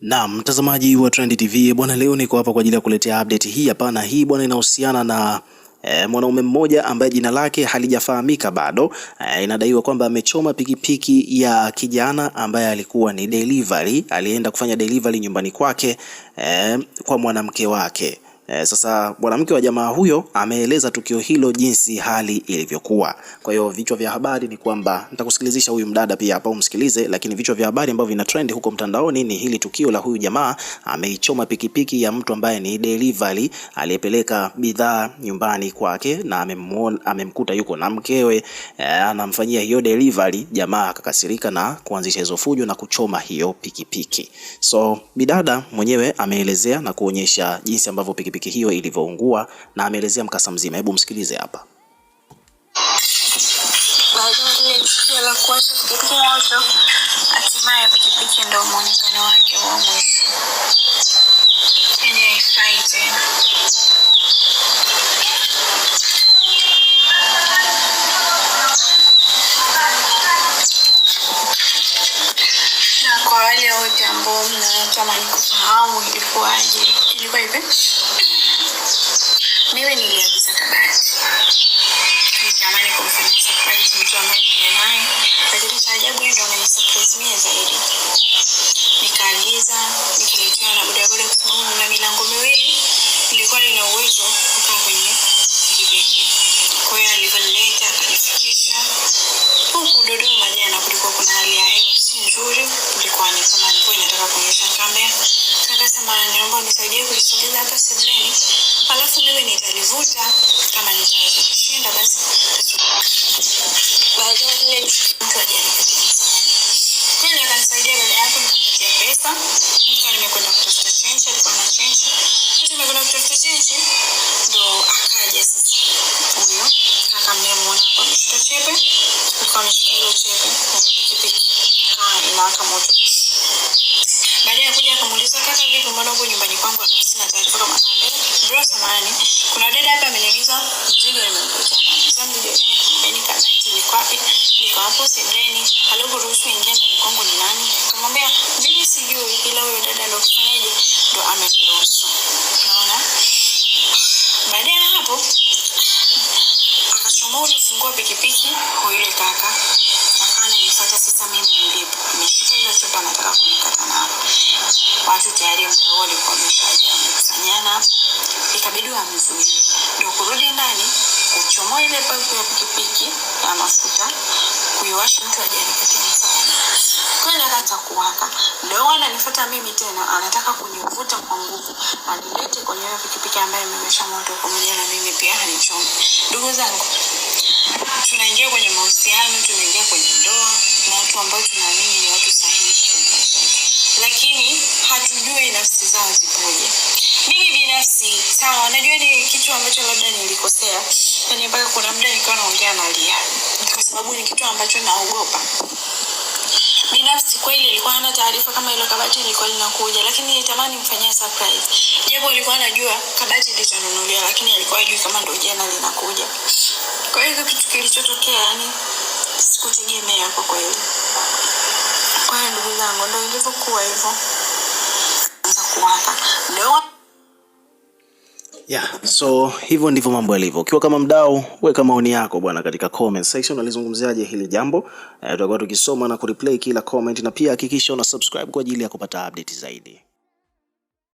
Na mtazamaji wa Trend TV bwana, leo niko hapa kwa ajili ya kuletea update hii hapa, na hii bwana inahusiana na E, mwanaume mmoja ambaye jina lake halijafahamika bado e, inadaiwa kwamba amechoma pikipiki ya kijana ambaye alikuwa ni delivery, alienda kufanya delivery nyumbani kwake e, kwa mwanamke wake. E, sasa mwanamke wa jamaa huyo ameeleza tukio hilo jinsi hali ilivyokuwa. Kwa hiyo vichwa vya habari ni kwamba nitakusikilizisha huyu mdada pia hapa umsikilize, lakini vichwa vya habari ambavyo vina trend huko mtandaoni ni hili tukio la huyu jamaa ameichoma pikipiki ya mtu ambaye ni delivery aliyepeleka bidhaa nyumbani kwake na amemuona, amemkuta yuko na mkewe e, anamfanyia hiyo delivery. Jamaa akakasirika na kuanzisha hizo fujo na kuchoma hiyo pikipiki. So bidada mwenyewe ameelezea na kuonyesha jinsi ambavyo pikipiki pikipiki hiyo ilivyoungua na ameelezea mkasa mzima. Hebu msikilize hapa. Hatimaye pikipiki ndio muonekano wake mtu ananifahamu ilikuwaje ilikuwa hivi mimi niliagiza kabati surprise mtu ambaye lakini cha ajabu yeye ndo mie zaidi nikaagiza nikaletewa na bodaboda kwa sababu na milango miwili ilikuwa lina uwezo kukaa kwenye pikipiki kwa hiyo alivyonileta akanifikisha huku dodoma jana kulikuwa kuna hali ya hewa si nzuri unisaidie kulisogeza hata sebleni, alafu mimi nitalivuta kama nitaweza kushinda basi. Baadaye ile mtu ajanipatia msaada, mimi akanisaidia dada pesa, nikawa nimekwenda kutafuta chenchi, alikuwa na chenchi, kisha nimekwenda kutafuta chenchi, ndo akaja sasa huyo kaka mnayemwona hapo ameshika chepe, akawa ameshika hiyo chepe kwenye pikipiki, kaa inawaka moto. Baadaye akuja akamuuliza kaka ameziruhusu. Unaona? Baada ya hapo akachomoa ule ufunguo pikipiki kwa yule kaka, akawa ananifuata sasa. Mimi nilipo nimeshika ile chupa, nataka kumkata nao, watu tayari mtao walikuwa wameshaja wamekusanyana hapo, ikabidi wamzuie ndio kurudi ndani kuchomoa ile paipu ya pikipiki ya mafuta kuiwasha, mtu ajanipatia ikaanza kuwaka. Ndio ananifuata mimi tena, anataka kunivuta kwa nguvu anilete kwenye hiyo pikipiki ambayo imemesha moto pamoja na mimi pia anichome. Ndugu zangu, tunaingia kwenye mahusiano, tunaingia kwenye ndoa na watu ambao tunaamini ni watu sahihi, lakini hatujui nafsi zao zipoje. Mimi binafsi sawa, najua ni kitu ambacho labda nilikosea, yani mpaka kuna muda nilikuwa naongea nalia, kwa sababu ni kitu ambacho naogopa binafsi kweli alikuwa hana taarifa kama hilo kabati ilikuwa linakuja, lakini nilitamani mfanyia surprise, japo alikuwa anajua kabati litanunuliwa, lakini alikuwa ajui kama ndo jana linakuja. Kwa hiyo kitu kilichotokea, yani sikutegemea kwa kweli. Kwa hiyo ndugu zangu, ndo ilivyokuwa hivyo kuwaka ndio Yeah, so hivyo ndivyo mambo yalivyo. Ukiwa kama mdau, weka maoni yako bwana katika comment section, unalizungumziaje hili jambo? Eh, tutakuwa tukisoma na kureplay kila comment, na pia hakikisha una subscribe kwa ajili ya kupata update zaidi.